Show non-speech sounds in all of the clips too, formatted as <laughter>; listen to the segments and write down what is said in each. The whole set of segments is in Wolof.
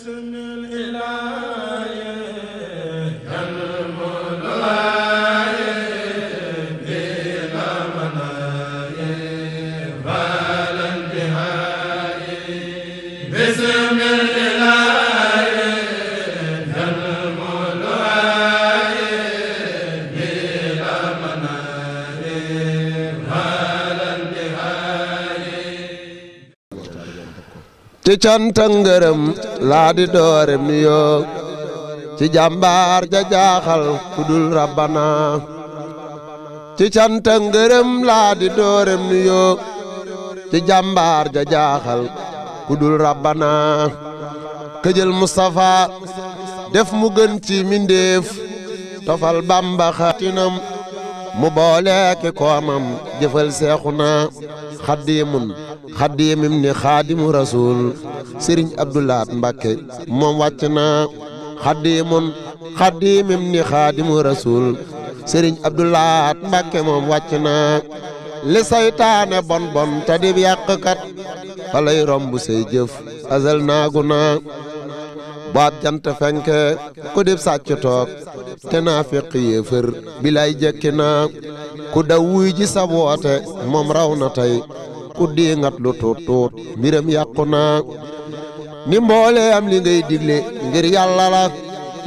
حسن الإله canta ngërëm laa di doore nuyoo ci jàmbaar ja jaaxal kudul rabbana ci canta ngërëm laa di doore nuyoo ci jàmbaar ja jaaxal kudul rabbana këjël Mustafa def mu gën ci mindeef tofal Bamba xatinam mu boole ki koomam jëfal seexu na xaddiimun xaddiim ibni xaadimu rasuul sëriñ abdulaat mbàkke moom wàcc na xaddiimun xaddiim ibni xaadimu rasuul sëriñ abdulaat mbàkke moom wàcc na li saytaane bon bon te dib yàqkat fa lay romb say jëf azal naagu na baab jant fenke ku dib sàcc toog te naa feq yéefër bilay jekki na ku daw wuy ji sa moom raw na tey ku diingat lu tuut tuut mbiram yàqu naa ni mboole am li ngay digle ngir yàlla la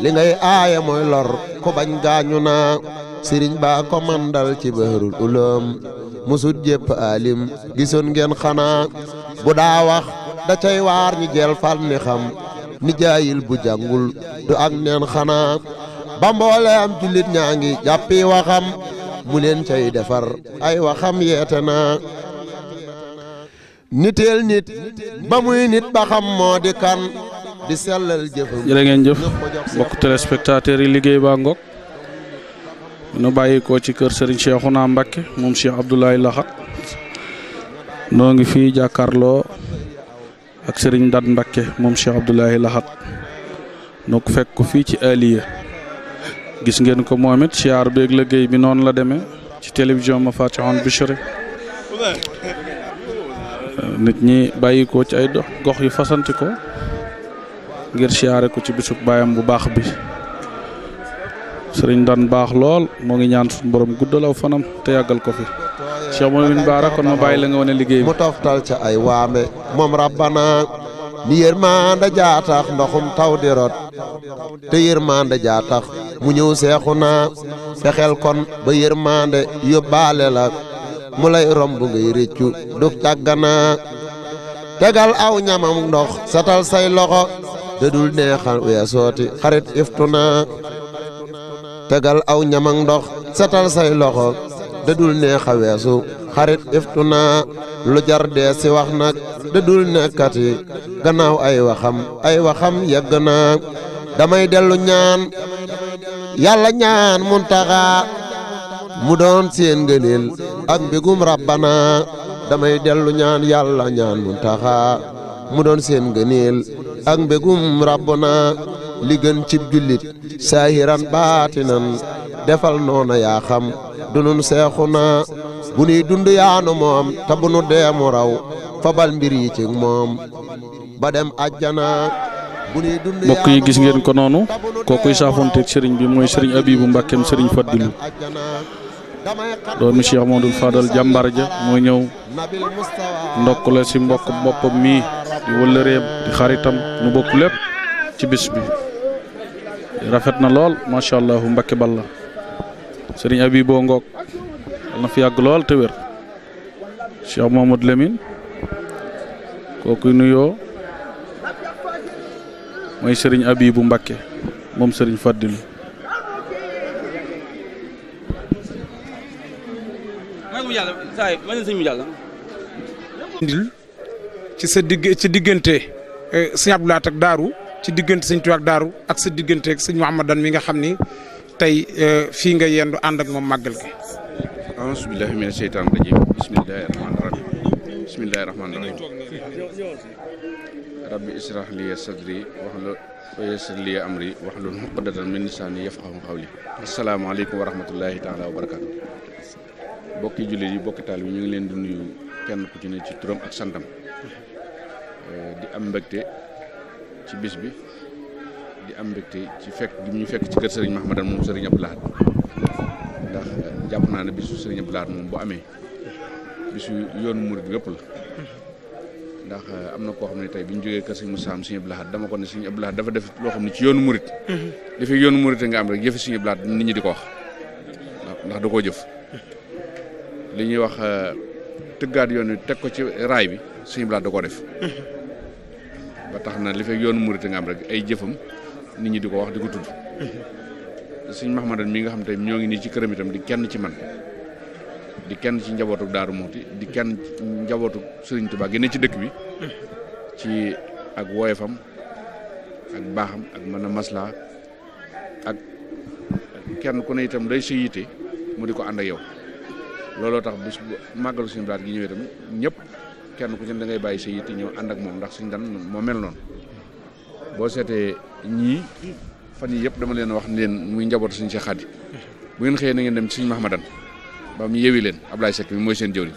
li ngay aaye mooy lor ku bañ gaañu naa sëriñ baa ko mandal ci bahrul ulum musut jépp alim gisoon ngeen xanaa bu daa wax da cay waar ñi jeel fal ni xam ni jaayil bu jàngul du ak neen xanaa ba mboole am jullit ñaa ngi jàppi waxam mu leen cay defar ay waxam yeete naa niteel nit ba muy nit ba xam moo di kan di sellal jëfam jërë ngeen jëf mbokk téléspectateurs yi liggéey baa ngoog nu bàyyi ko ci kër Serigne Cheikhouna Mbacké moom Cheikh Abdoulaye Lahat noo ngi fii jàkkaarloo ak Serigne Dat Mbacké moom Cheikh Abdoulaye Lahat nu ko fekk ko fii ci Aliya gis ngeen ko moom it siyaar beeg liggéey bi noonu la demee ci télévision ma fàccoxoon Bichri nit ñi bàyyi ci ay dox gox yu fasanti ko ngir siyaare ko ci bisub baayam bu baax bi sëriñ daan baax lool moo ngi ñaan suñu borom guddalaw fanam te yàggal ko fi Cheikh Mouhamed kon ma bàyyi la nga wane liggéey bi mu toftal ca ay waame moom rabbana ni yërmande jaa tax ndoxum taw di rot te yërmande jaa tax mu ñëw seexu naa fexeel kon ba yërmande yóbbaale la mu lay romb ngay réccu dug càgganaa tegal aw ñamam ndox satal say loxo dëdul neexal wee sooti xarit iftu naa tegal aw ñamam ndox satal say loxo dëdul neexa weesu xarit iftu naa lu jar dee si wax nag dëdul nekkati gannaaw ay waxam ay waxam yegg naa damay dellu ñaan yàlla ñaan muntaxaa mu doon seen ngëneel ak mbégum rabbana damay dellu ñaan yàlla ñaan muntaxa mu doon seen ngëneel ak mbégum rabbana li gën cib jullit saahiran baatinan defal noona yaa xam dunun seexu naa bu nuy dund yaanu moom te bu nu deemu raw fabal mbir yi ci moom ba dem ajjana mbokk yi gis ngeen ko noonu kookuy saafonteeg sëriñ bi mooy sëriñ Abibu Mbàkkeem sëriñ Fàddilu doomi Cheikh Modou Fadal jàmbar ja moo ñëw ndokk si mbokk boppam mii di wëllëreem di xaritam nu bokk lépp ci bis bi rafet na lool macha allah Mbacke Balla sëriñ Abibou Ngoog na fi yàgg lool te wér Cheikh Mahmoud Lemine kooku nuyoo mooy sëriñ Abibou Mbacke moom sëriñ Fadilou Yàlla saa ci sa digg diggante eh, sëñ Abdou Lahat ak Daaru ci diggante sëñ Tuubaa ak Daaru ak sa diggante ak sëñ Mouhamadan mi nga xam ni tey eh, fii nga yendu ànd ak moom màggal gi auzu billaahi mina sheytaani rajiim bismillaahi rahmaani rahiim bismillaahi rahmaani rabbi israh li sadri wahlul yassir li amri wahlul uqdatan min lisaani yafqahu qawli asalaamaaleykum wa wa barakaatu bokki jullit yi bokki taal bi ñu ngi leen di nuyu kenn ku ci ci turam ak santam euh, di am mbégte ci bis bi di am mbégte ci fekk gi ñu fekk ci kër sëriñ Mahamadan moom sëriñ Abdou Lahad ndax euh, jàpp naa ne bisu sëriñ Abdou Lahad moom bu amee bisu yoonu murid yëpp la ndax euh, am na koo xam ne tey bi ñu jógee kër sëriñ Moussa am sëriñ Abdou Lahad dama ko ne sëriñ Abdou Lahad dafa def loo xam ne ci yoonu murid mhm. dafay yoonu murid nga am rek jëfe sëriñ Abdou Lahad nit ñi di ko wax ndax da koo jëf li ñuy wax euh, tëggaat yoon wi teg ko ci raay bi suñu blaat da koo def mm-hmm. ba tax na li fekk yoonu murit nga am rek ay jëfam nit ñi di ko wax di ko tudd mm-hmm. suñ Mahmadan mi nga xam tey ñoo ngi nii ci këram itam di kenn ci man di kenn ci njabootu Daaru Muuti di kenn njabootu Sëriñ Tuubaa gi ci dëkk bi mm-hmm. ci ak woyefam ak baaxam ak mën a maslaa ak kenn ku ne itam day sa yite mu di ko ànd ak yow looloo tax bis bu màggalu suñu blaat gi ñëwee tamit ñëpp kenn ku ci ne da ngay bàyyi sa yitte ñëw ànd ak moom ndax suñu dan moo mel noonu boo seetee ñii fan yi yëpp dama leen wax ne leen muy njaboot suñu Seex Xaadi bu ngeen xëyee na ngeen dem ci suñu Mahamadan ba mu yewi leen Ablaye Seck mi mooy seen jëwri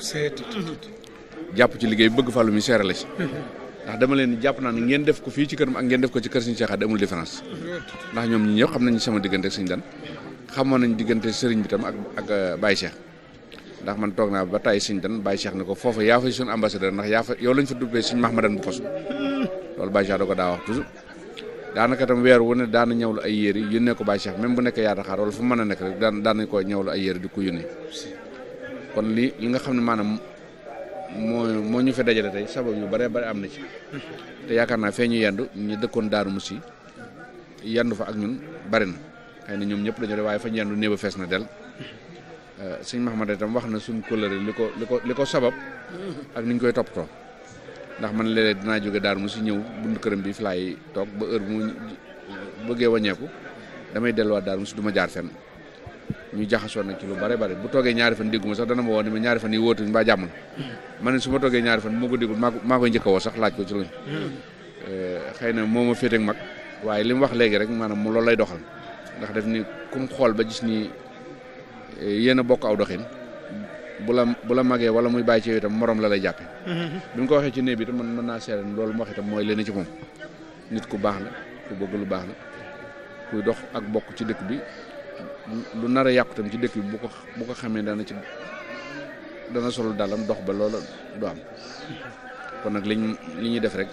jàpp ci liggéey bëgg fàllu mi seerale si ndax dama leen jàpp naa ne ngeen def ko fii ci këram ak ngeen def ko ci kër suñu Seex Xaadi amul différence ñoom ñi xam nañu sama diggante ak suñu dan xamoon nañ diggante sëriñ bi tam ak ak euh, Baye ndax man toog naa ba tàyyi siñ dan Baye Cheikh ne ko foofu yaa fay suñu ambassadeur ndax yaa fa yow lañ fa dubbee suñ Mahmadan bu xos loolu Baye Cheikh da ko daa wax toujours daanaka tam weer wu ne daana ñawlu ay yére yónnee ko Baye Cheikh même bu nekk yaataxaar wala fu mën a nekk rek daan daan nañ ko ñawlu ay yére di ko yónnee kon li li nga xam ne maanaam moo moo ñu fi dajale tey sabab yu bare bare am na ci te yaakaar naa fee ñu yendu ñu dëkkoon Daaru Musi yendu fa ak ñun bari na xëy na ñoom ñëpp dañoo de waaye fa ñu yendu néew fees na del Euh, sëñ Mahamad itam wax na suñ kóllëre li ko li ko li ko sabab ak ni ñu koy toppatoo ndax man leen léeg dinaa jóge daal mu si ñëw buntu këram bi fi laay toog ba heure mu bëggee wañeeku damay delluwaat daar mu si du ma jaar fenn ñu jaxasoo nag ci lu bare bare bu toogee ñaari fan dégguma sax dana ma woo ne ma ñaari fan yi wóotuñ mbaa jàmm na ma ne su ma toogee ñaari fan moo ko déggul maa ko maa koy njëkk a woo sax laaj ko ci luñ euh, xëy na moo ma féete mag waaye li mu wax léegi rek maanaam mu loolu lay doxal yéen a bokk aw doxin bu la bu la magee wala muy bàyyi ci yow itam morom la lay jàppe mm-hmm. bi mu ko waxee ci néeg bi itam man mën naa seere loolu mu wax itam mooy leen ci moom nit ku baax la ku bëgg lu baax la kuy dox ak bokk ci dëkk bi lu nar a yàqu tam ci dëkk bi bu ko bu ko xamee dana ci dana solu dalam dox ba loola du am mm-hmm. kon nag liñ li ñuy def rek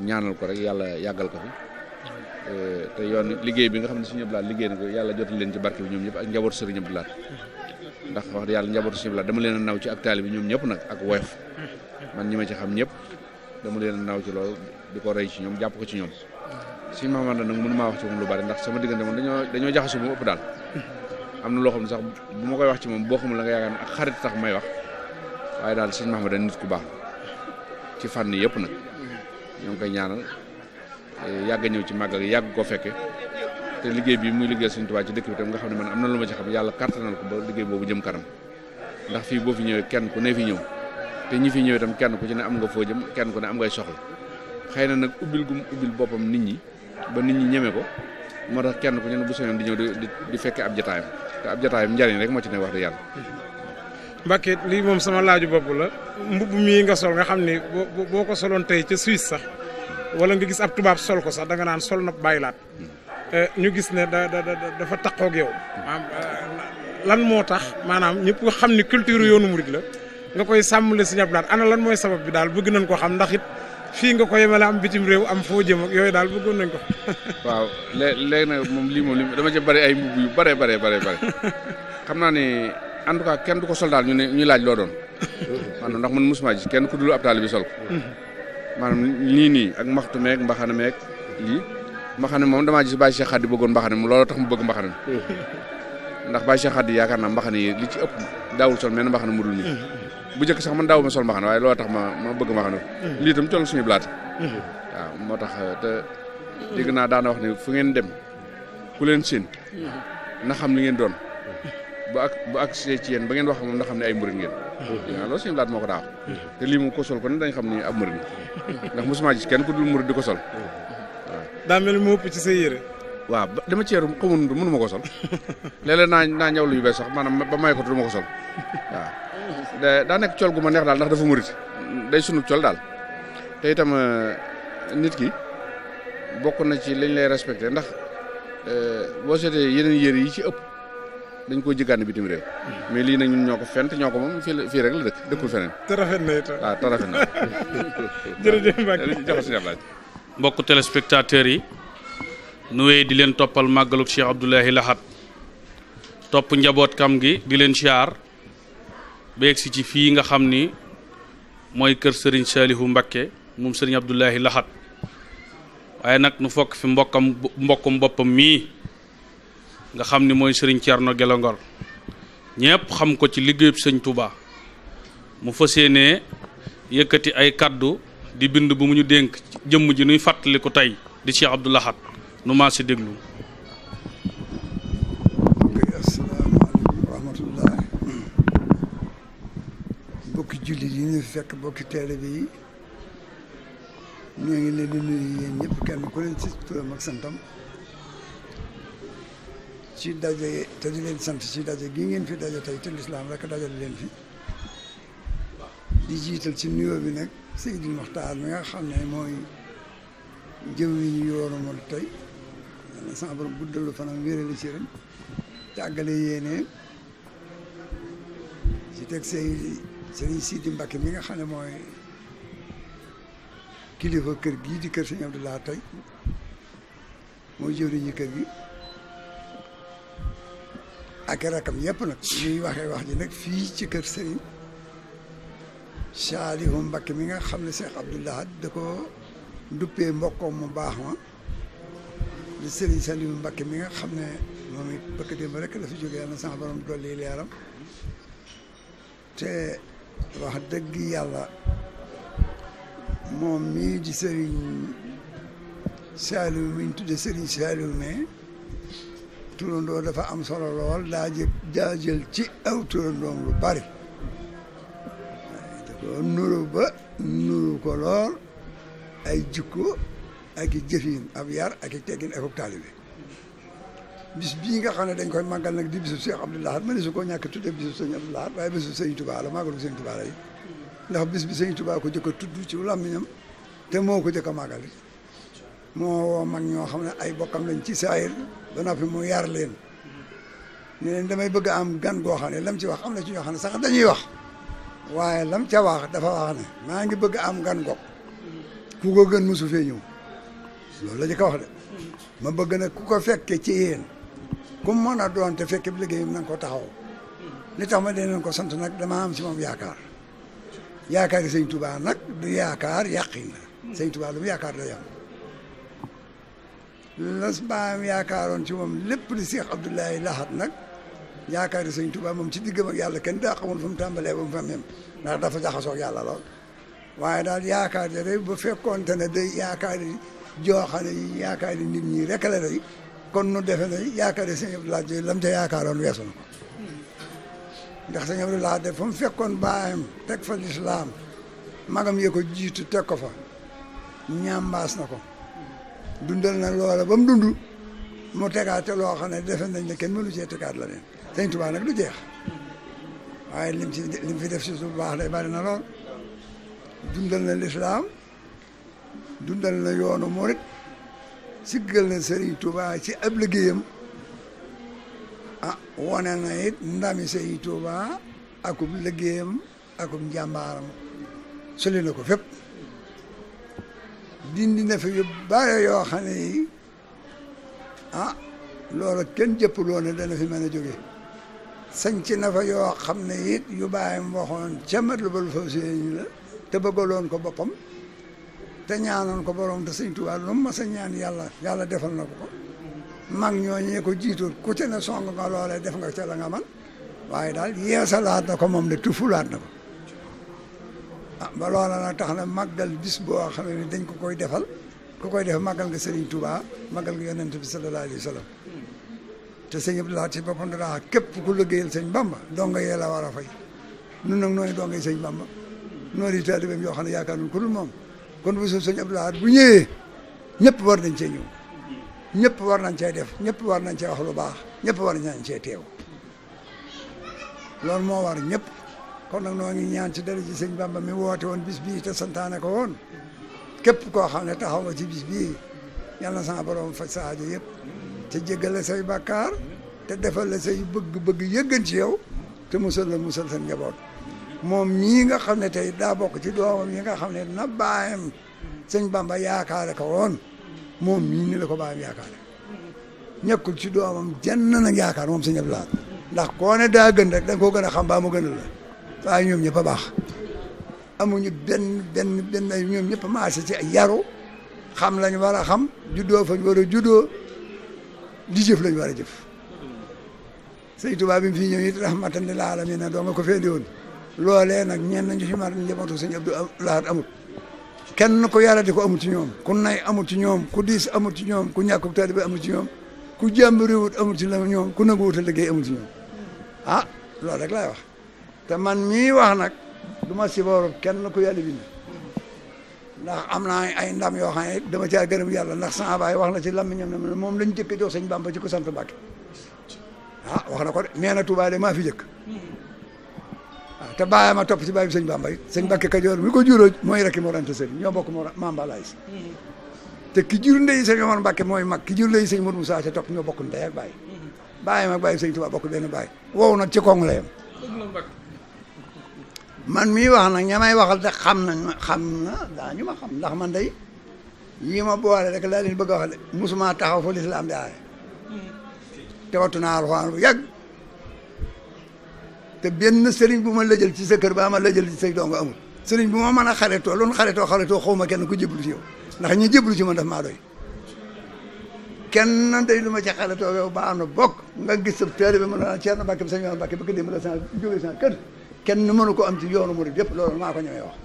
ñaanal ko rek yàlla yàggal ko fi te yoon liggéey bi nga xam ne suñu Abdoulaye liggéey na ko yàlla jotal leen ci barke bi ñoom ñëpp ak njabootu Sëriñ Abdoulaye ndax wax yàlla njabootu Sëriñ Abdoulaye dama leen naw ci ak taali bi ñoom ñëpp nag ak woyof man ñi ma ci xam ñëpp dama leen naw ci loolu di ko rey ci ñoom jàpp ko ci ñoom suñu Mahamada nag mënu maa wax ci lu bari ndax sama diggante moom dañoo dañoo jaxasu mu ëpp daal am na loo xam ne sax bu ma koy wax ci moom boo xamul la nga yaakaar ne ak xarit sax may wax waaye daal suñu Mahamada nit ku baax ci fànn yëpp nag ñoo ngi koy ñaanal yàgg ñëw ci màggal yàgg ko fekke te liggéey bi muy liggéey Sëriñ Tuubaa ci dëkk bi tam nga xam ne man am na lu ma ci xam yàlla kàttanal ko ba liggéey boobu jëm kanam ndax fii boo fi ñëwee kenn ku ne fi ñëw te ñi fi ñëwee itam kenn ku ci ne am nga foo jëm kenn ku ne am ngay soxla xëy na nag ubbil gum ubbil boppam nit ñi ba nit ñi ñeme ko moo tax kenn ku ci bu soñoon di ñëw di di fekke ab jataayam te ab jataayam njariñ rek moo ci ne wax dëgg yàlla Mbàkke lii moom sama laaju bopp la mbubb mii nga sol nga xam ne boo ko soloon tey ca sax wala nga gis ab tubaab sol ko sax danga naan sol na bàyyilaat eh, ñu gis ne da dafa taqoo ak yow. Eh, lan moo tax maanaam ñëpp nga xam ni culture yoonu murid la nga koy sàmmale si ñablaat ana lan mooy sabab bi daal bëgg nañ ko xam ndax it fii nga ko yemale am bitim réew am foo jëm ak yooyu daal bëggoon nañ ko. <laughs> waaw léeg-léeg moom lii moom lii dama jëm bari ay mbubb yu bare bare bare bare <laughs> xam naa ni en tout cas kenn du ko sol daal ñu ne ñu laaj loo doon. <laughs> maanaam ndax man mosuma gis kenn ku dul ab taalibe bi sol maa nii nii ak maxtu meeg mbaxana meeg lii mbaxana moom damaa gis Baye Cheikh Khady bëggoon mbaxana mu looloo tax mu bëgg mbaxana mi <laughs> ndax Baye Cheikh Khady yaakaar naa mbaxana yi li ci ëpp daawul sol mel ne mbaxana mu mm-hmm. bu njëkk sax man daawuma sol mbaxana waaye looloo tax ma ma bëgg mbaxana mm-hmm. lii itam toll suñu blaat mm-hmm. waaw moo tax te dégg naa a wax ne fu ngeen dem ku leen seen na xam li ngeen doon bu ak bu ak see ci ba ngeen wax moom na xam ne ay murit ngeen waaw ah, loolu suñu laat moo ko daa wax te lii moom ko sol ne dañ xam ni ab murid ndax mosuma kenn ku dul mu di ko sol waaw <laughs> daa mel mu ëpp ci sa yére waaw dama ceeru xamun mënu ma ko sol léeg-léeg naa ñaw lu yu bees sax maanaam ba may ko du ma ko sol daa nekk col gu ma neex daal ndax dafa murid day sunu col daal te itam euh, nit ki bokk na ci liñ lay respecté ndax euh, boo seetee yére yi ci ëpp dañ koo jëggaane bitim réew mais lii nag ñun ñoo ko fent ñoo ko moom fii fii rek la dëkk dëkkul feneen rafet na itam waaw ah, te rafet na <laughs> jërëjëf Mbacke mbokk téléspectateurs yi nuwee di leen toppal màggaluk Cheikh Abdoulahi laxat topp njaboot kam gi di leen siyaar beeg si ci fii nga xam ni mooy kër sëriñ Saalihu Mbakke moom sëriñ Abdoulahi Lahat waaye nag nu fokk fi mbokkam mbokkum boppam mii nga xam ni mooy sëriñ Thierno Gelo Ngor ñëpp xam ko ci liggéeyub sëñ Touba mu fa yéenee yëkkati ay kaddu di bind bu mu ñu dénk jëmm ji nuy fàttali ko tey di Cheikh Abdou laxat nu maa si déglu. mbokki jullit yi ñu fekk mbokki teere bi ñoo ngi leen di nuyu yéen ñëpp kenn ku leen ci turam ak santam. ci daje te di leen sant ci daje gi ngeen fi daje tey te lislaam rek dajal leen fi di jiital ci nuyoo bi nag Seydi Moxtaar mi nga xam ne mooy jëw yi ñu yoonu mu tey sama borom guddalu fanam wéerali ci ren te àggale yéenee ci teg say Sëriñ Sidi Mbacke mi nga xam ne mooy kilifa kër gii di kër Sëriñ Abdou Lahad tey mooy jëwriñu kër gi ak rakam yëpp nag ñuy waxee wax ji nag fii ci kër Serigne Saalihu Mbakke mi nga xam ne Cheikh Abdoul Ahad da ko duppee mbokkoom mu baax ma di Serigne Saalihu Mbakke mi nga xam ne moom it bëkk démb rek la fi jógee yàlla sama borom dolli leeram te wax dëgg yàlla moom mii di Serigne Saalihu mi ñu tuddee Serigne turandoo dafa am solo lool daa jël ci aw turandoom lu bari te ko nuru ba nuru ko lool ay jikko ak i jëfin ab yar ak i teggin ak ak taalibe bis bii nga xam ne dañ koy màggal nag di bisu Cheikh Abdou Lahad ma ne su ko ñàkk tudde bisu sëñ Abdou Lahad waaye bisu sëñ Touba la màggalu yi ndax bis bi sëñ Touba ko jëkk a tudd ci làmmiñam te moo ko jëkk a màggal moo woo mag ñoo xam ne ay bokkam lañ ci saayir ba noppi mu yar leen ne leen damay bëgg am gan goo xam ne lam ci wax am na ci ñoo xam ne sax dañuy wax waaye lam ca wax dafa wax ne maa ngi bëgg am gan goog ku ko gën mosu fee ñëw loolu la ñu ko wax de ma bëgg na ku ko fekke ci yéen ku mën a doon te fekke bi liggéeyam na koo ko taxaw li tax ma dee leen ko sant nag dama am si moom yaakaar yaakaar yi sëñ Tuubaa nag du yaakaar yàqin la sëñ Tuubaa lu mu yaakaar lay am las baam yaakaaroon ci moom lépp li Cheikh Abdoulaye Lahat nag yaakaari sëñ Tuubaa moom ci diggam ak yàlla kenn daa a fu mu tàmbalee ba mu fa mem dafa jaxasoo ak yàlla lool waaye daal yaakaar ja day bu fekkoonte ne day yaakaar yi jooxane yi yaakaar yi nit ñi rek la day kon nu defe na yaakaar yi sëñ Abdoulaye jooyu lam ca yaakaaroon weesu na ko ndax sëñ Abdou fekkoon baayam teg fa lislaam magam yee jiitu teg ko fa ñambaas na ko dundal na loola ba mu dund mu tegaate loo xam ne defe nañ ne kenn mënu cee tegaat la neen sëñ Tuubaa nag du jeex waaye lim ci lim fi def si su baax day bari na lool dundal na lislaam dundal na yoonu murit siggal na Serigne Touba ci ab liggéeyam ah wane na it ndami Serigne Touba njàmbaaram soli ko fépp dindi na fi yu bare yoo yi ah loola kenn jëppuloo ne dana fi mën joge jóge sanc na fa yoo xam ne yu baayam waxoon ca Matlabul Fawzayni la te bëggaloon ko boppam te ñaanoon ko borom te Sëñ Tuubaa lu ma sa ñaan yàlla yàlla defal na ko ko mag ñooñee ko jiitu ku te ne song nga def nga ca la nga man waaye daal yeesalaat na ko moom de tufulaat na ko a ah, ba loola nag tax na màggal bis boo xam ne dañ ko koy defal ko koy def màggal nga Serigne Touba màggal nga yonent bi sallallahu alayhi wa sallam te sëñ Abdou Lahad ci boppam danaa képp ku liggéeyal sëñ Bamba donga yee la war a fay nun nag nooy donga yi sëñ Bamba noo di taalibeem yoo xam ne yaakaar nañ moom kon bu suuf sëñ Abdou Lahad bu ñëwee ñëpp war nañ cee ñëw ñëpp war nañ cee def ñëpp war nañ cee wax lu baax ñëpp war nañ cee teew loolu moo war ñëpp kon nag noo ngi ñaan ci dara ji sëñ Bamba mi woote woon bis bii te santaane woon képp koo xam ne taxaw nga ci bis bii yal na sama borom faj sa aajo yëpp te jéggale say bàkkaar te defal la say bëgg-bëgg yëggan ci yow te musal la musal seen njaboot moom ñii nga xam ne tey daa bokk ci doomam yi nga xam ne na baayam sëñ Bamba yaakaare ko woon moom mii ni la ko baayam yaakaare ñekkul ci doomam jenn nag yaakaar moom sëñ Abdou Lahad ndax koo ne daa gën rek da koo gën a xam baa mu waaye ñoom ñëpp a baax amuñu benn benn benn ñoom ñëpp a maase ci ay yaru xam lañ war a xam juddoo fañ war a juddoo di jëf lañ war a jëf sëñ Tuubaa bi mu fi ñëw it rahmatan lil aalamiin doo nga ko féedi woon loolee nag ñeen nañu ci mar njabootu sëñ Abdou Lahad amut kenn ku yarati ko amut ci ñoom ku nay amut ci ñoom ku diis amut ci ñoom ku ñàkk taalibe amut ci ñoom ku jàmburiwut amut ci ñoom ku nanguwut a liggéey amut ci ñoom ah loolu rek laay wax te man mii wax nag du ma sibooru kenn ku yàlla bind ndax am naa ay ndam yoo xam ne dama caa gërëm yàlla ndax sama baay wax na ci lam làmmiñam ne moom lañ jëkk jox sëñ Bamba ci ko sant Mbàkke ah wax na ko de nee na Touba de maa fi jëkk waaw te bàyyi ma topp ci bàyyi bi sëñ Bamba it sëñ Mbàkke Kajoor mi ko juróo mooy rek moo rente sëñ ñoo bokk moo mambalaay si te ki jur ndeyi sëñ Omar Mbàkke mooy mag ki jur ndeyi sëñ Mourou Moussa ca topp ñoo bokk ndey ak bàyyi bàyyi mag bàyyi sëñ Touba bokk benn baay wow na ci kong la man mii wax nag ña may waxal de xam nañ ma xam na daañu ma xam ndax man day yi ma boole rek laa leen bëgg a wax musuma taxaw fa lislaam di aare hmm. te wattu naa alxuraan bu yàgg te benn sëriñ bu ma lëjal ci sa kër ba ma lëjal ci say dongo amul sëriñ bu ma mën a xaritoo loolu xaritoo xaritoo xaw ma kenn ku jéblu ci yow ndax ñi jéblu ci man daf maa doy kenn day lu ma ci xaritoo yow baa nu bokk nga gis sa taalibe bi mën naa Ceerno Mbàkke bi sañ Mbàkke sa jóge sa kër kenn mënu ko am ci yoonu murid yëpp loolu maa ko ñëwee wax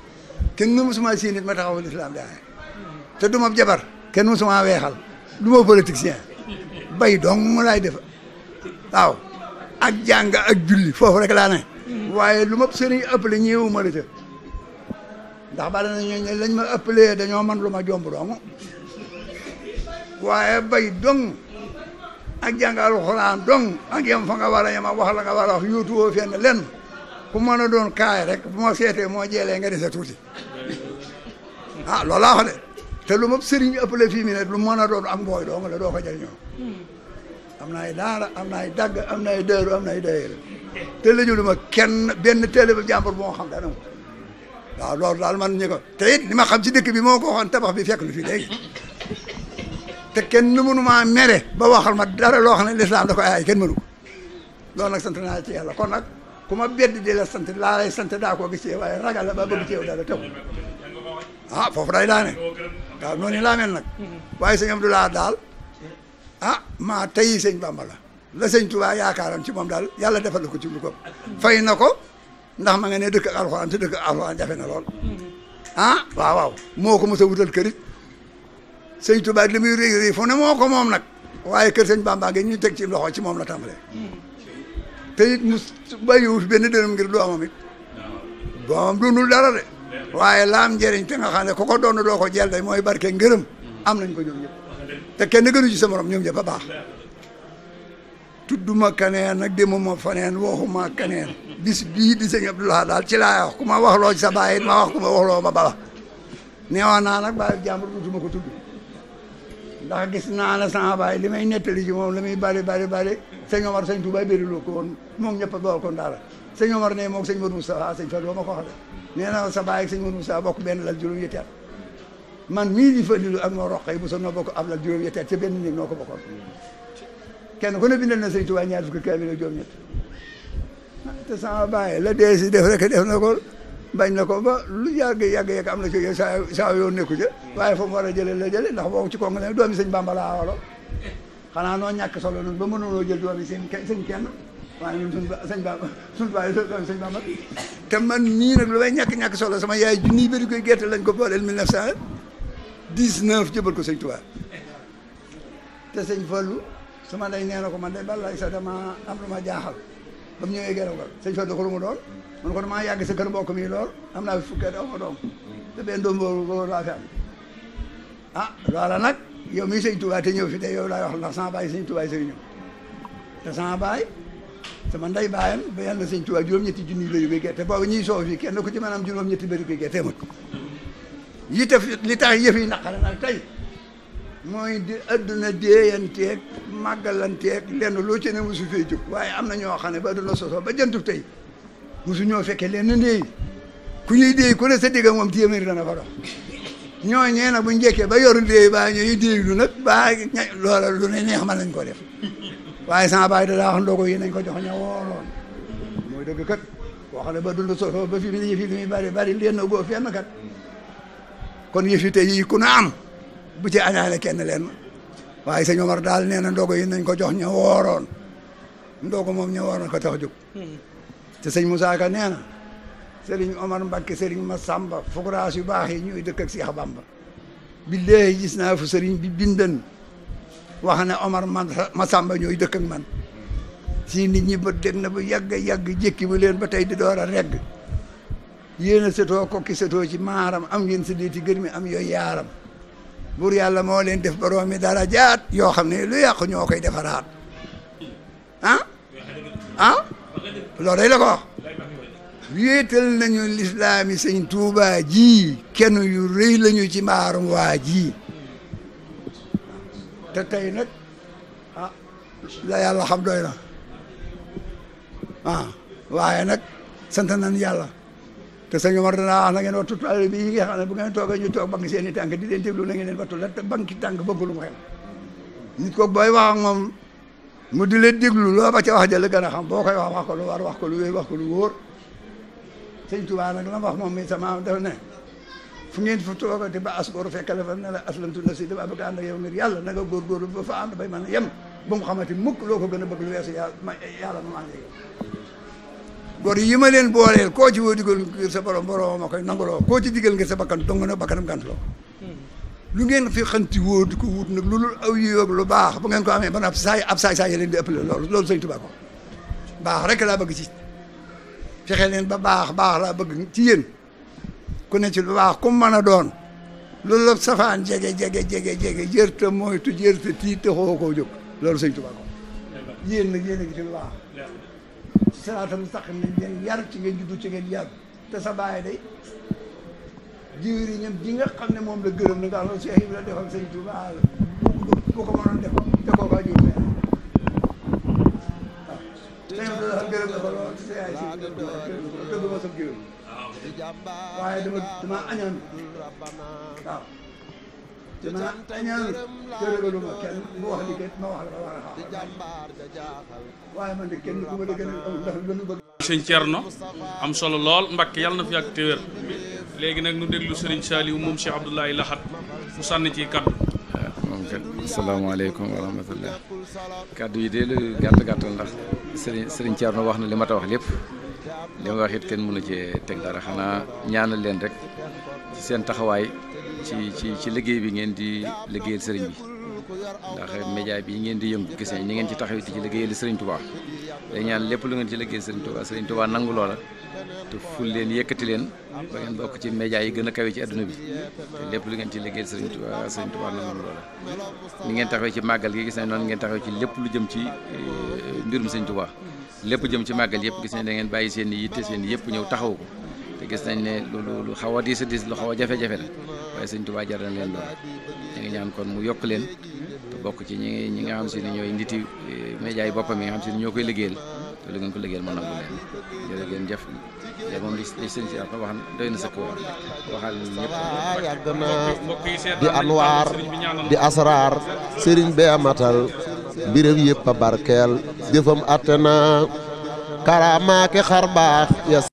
kenn mësuma si nit ma taxawal islam daane te du ma jabar kenn mësuma weexal du ma politicien bay dong mu def waaw ak jàng ak julli foofu rek laa waaye lu ma sëriñ ëppale ñëwu ma la ca ndax bala na ñooñu lañ ma ëppalee dañoo man lu ma jomb waaye bay dong ak jàng alxuraan dong ak yem fa nga war a yem la nga war a wax yóotuwoo fenn lenn ku mën a doon kaay rek moo ma seetee moo jeelee nga dese tuuti <laughs> ah laa fa de te lu ma sëriñ bi ëppale fii mi ne lu mën a doon am booy doo nga la doo ko jëriñoo hmm. am na ay daara am na ay dagg am na ay dëru am na ay dëyër te la julu ma kenn benn télé ba jàmbur boo xam dana waaw loolu daal man ñu ko te it li ma xam ci dëkk bi moo ko waxoon tabax bi fekk lu fi léegi te kenn mënu maa mere ba waxal ma dara loo xam ne lislaam da ko ay kenn mënu ko loolu nag sant naa ci yàlla kon nag ku ma bedd di la sant laa sant daa koo gis waaye ragal la ba bëgg ci yow dara taw ah foofu day daane waaw noonu laa nag waaye sëñ Abdoulaye daal ah maa tayi sëñ Bamba la la sëñ Touba yaakaaram ci moom daal yàlla defal ko ci lu ko fay na ko ndax ma nga ne dëkk alxuraan te dëkk alxuraan jafe na lool ah waaw moo ko mos a wutal kërit sëñ Touba li muy réy réy fu ne ko moom nag waaye kër sëñ Bamba gi ñu teg ci loxo ci moom la tàmbalee te it mu bàyyiwul benn dërëm ngir doomam it doomam dundul dara de waaye laam njëriñ te nga xam ne ko doon doo ko jël day mooy barke ngërëm am nañ ko ñoom ñëpp te kenn gënu ci sa morom ñoom ñëpp a baax tudduma kaneen nag demuma faneen waxuma kaneen bis bii di sëñ Abdou daal ci laa wax ku ma wax loo sa baay ma wax ku ma wax loo ma bala neewoon naa nag baay jàmbur utuma ko tudd ndax gis naa la sama baay li may nettali ci moom la muy bari bari bari sëñ Omar sëñ Touba bériloo ko woon moom ñëpp bool ko ndaala sëñ Omar ne moom sañ Modou Moustapha sëñ Fallou ma ko wax ko nee na sa baay ak sëñ Modou bokk benn lal juróom-ñetti man mii di Fallou ak moo roqay bu so noo bokk ab lal juróom-ñetti ca benn néeg noo ko bokkoon kenn ku ne bindal na sëñ Touba ñaar fukki kaamil ak juróom-ñett ah, te sama baay la dee def rek def na ko bañ na ko ba lu yàgg yàgg yàgg am na ci saa nekku ca mm. waaye fa mu war a jëlee la jëlee ndax boobu ci kong ne doomi sëñ Bamba laa walo xanaa noo ñàkk solo noonu ba mënunoo jël doomi seen sëñ kenn waaye ñun suñ sëñ Bamba <laughs> suñ baay doomi sëñ Bamba te man mii nag lu may ñàkk-ñàkk solo sama yaay junniy bëri koy gerte lañ ko booleel mille neuf cent dix-neuf jëbal ko sëñ Tuubaa te sëñ Fallu sama day nee na ko man day balaay sax dama am lu ma jaaxal ba mu ñëwee gërëm ko sëñ Fallu ko lu man ko damaa yàgg sa kër mbokk mi am naa fi fukkee daw ma doom te benn doom boobu boobu laa fi am ah loola nag yow mii sëñ Tuubaa te ñëw fi tey yow laay wax ndax sama baay sëñ Tuubaa sëriñ te sama baay sama nday baayam ba yàlla sëñ Tuubaa juróom-ñetti junni bëri koy gerte boobu ñuy soow fii kenn ku ci maanaam juróom-ñetti bëri koy gerte mut yi taf li tax yëf yi naqare nag tey mooy di adduna déeyanteeg màggalanteeg lenn loo ci ne musu fee jóg waaye am na ñoo xam ne ba adduna sosoo ba jëntub tey musu ñoo fekkee lenn ndéy ku ñuy déy ku ne sa digga moom téeméer dana fa dox ñooñee nag bu ñu jekkee ba yoru déy baa ñooy déy lu nag baa loola lu ne neex man lañ ko def waaye sama baay dadaa wax ndogo yi nañ ko jox ña wooloon mooy dëgg kat boo xam ne ba dund sosoo ba fi mu ne yëfi li muy bari bari lenn goo fenn kat kon yëfi tey yi ku na am bu ci añaale kenn leen waaye sëñ Omar daal nee na ndogo yi nañ ko jox ña wooroon ndogo moom ña wooroon ko tax jóg hmm. te sëñ Moussa Ka nee na Serigne Omar Mbacke Serigne Massamba fukuraas yu baax yi ñuy dëkk ak Seex Bamba billaahi gis naa fu Serigne bi bindan wax ne ma samba ñooy dëkk man si nit ñi ba dégg na bu yàgg yàgg jékki bu leen ba tey di door a regg yéen a setoo maaram am ngeen sa déeti gër am yooyu yaaram buur yàlla moo leen def boroomi dara jaat yoo xam ne lu yàqu ñoo koy defaraat ah, ah? loolu day la ko wax wéetal nañu lislaami sëñ Tuuba ji kenn yu rëy lañu ci maarum wa ji te tey nag ah la yàlla xam doy na ah waaye nag sant nañ yàlla te sëñ Omar danaa wax na ngeen wattu taalibe yi nga xam bu ngeen toogee ñu toog bank seen i tànk di leen déglu na ngeen leen wattu la te banki tànk bëggulum xel nit ko booy wax ak mu di leen déglu loo ba ca wax jël gën a xam boo koy wax wax ko lu war wax ko lu wér wax ko lu wóor sëñ Tuubaa nag la wax moom mi sama dafa ne fu ngeen fu toogati ba asgoor fekk la fa ne la aslamtu nafsi dama bëgg na nga góorgóorlu ba fa ànd bay mën a yem bu mu xamante loo ko gën a bëgg lu weesu yàlla ma yàlla mu ànd yi ma leen booleel koo ci woo digal ngir sa borom borom ma koy nanguloo koo ci digal ngir sa bakkan dong na bakkanam gàntuloo lu ngeen fi xanti woo di ko wut nag loolu aw yoog lu baax bu ngeen ko amee ba ab saay ab saay saay leen di ëppale loolu loolu sëñ Tuubaa ko baax rek laa bëgg ci fexe leen ba baax baax laa ba bëgg ci yéen ku ne ci lu baax ku mën a doon loolu la safaan jege jege jege jege jërta moytu jërta tiit te xoo koo jóg loolu sëñ Tuubaa ko yéen nag yéen a ci lu baax salaatam sax nañ leen yar ci ngeen juddu ci ngeen yar te sa baay day jiwriñam ji nga xam ne moom la gërëm na nga xam ne Cheikh Ibrahima defal sëñ bu ko mënoon def te koo kaa jiw waaw sa gërëm dafa lool sa yaay sëñ Touba gërëm waaye dama dama añaan waaw am solo lool Mbacke yàlla na fi ak téwér léegi nag nu déglu Serigne Saliou moom Cheikh Abdoulaye laxat mu sànni ci kaddu. waaw moom kat asalaamaaleykum wa rahmatullah kaddu yi de lu gàtt gàttal ndax Serigne Serigne Thierno wax na li ma ta wax lépp li ma wax it kenn mënu ci teg dara xanaa ñaanal leen rek ci seen taxawaay ci ci ci liggéey bi ngeen di liggéeyal sëriñ bi. ndax média bi ngeen di yëngu gisee ñi ngeen ci taxawiti ci liggéeyal Serigne Touba day ñaan lépp lu ngeen ci liggéeyal Serigne Touba Serigne Touba loola te ful leen yëkkati leen ba ngeen bokk ci média yi gën a kawe ci àdduna bi te lépp lu ngeen ci liggéeyal Serigne Touba Serigne Touba nangu loola ni ngeen taxawee ci màggal gi gis nañ noonu ngeen taxawee ci lépp lu jëm ci eh, mbirum Serigne Touba lépp jëm ci màggal yëpp gis nañ da ngeen bàyyi seen i yitte seen yëpp ñëw taxaw ko te gis nañ ne lu lu xaw a diis a diis lu xaw a jafe-jafe la waaye Serigne Touba jar na leen lool ñu ngi ñaan kon mu yokk leen te bokk ci ñi ñi nga xam si ne ñooy niti eh, média yi boppam yi nga xam si ne ñoo te lu di anwaar di asraar sëriñ bee matal mbiram yëpp barkeel jëfam atte na karaamaake xar baax ya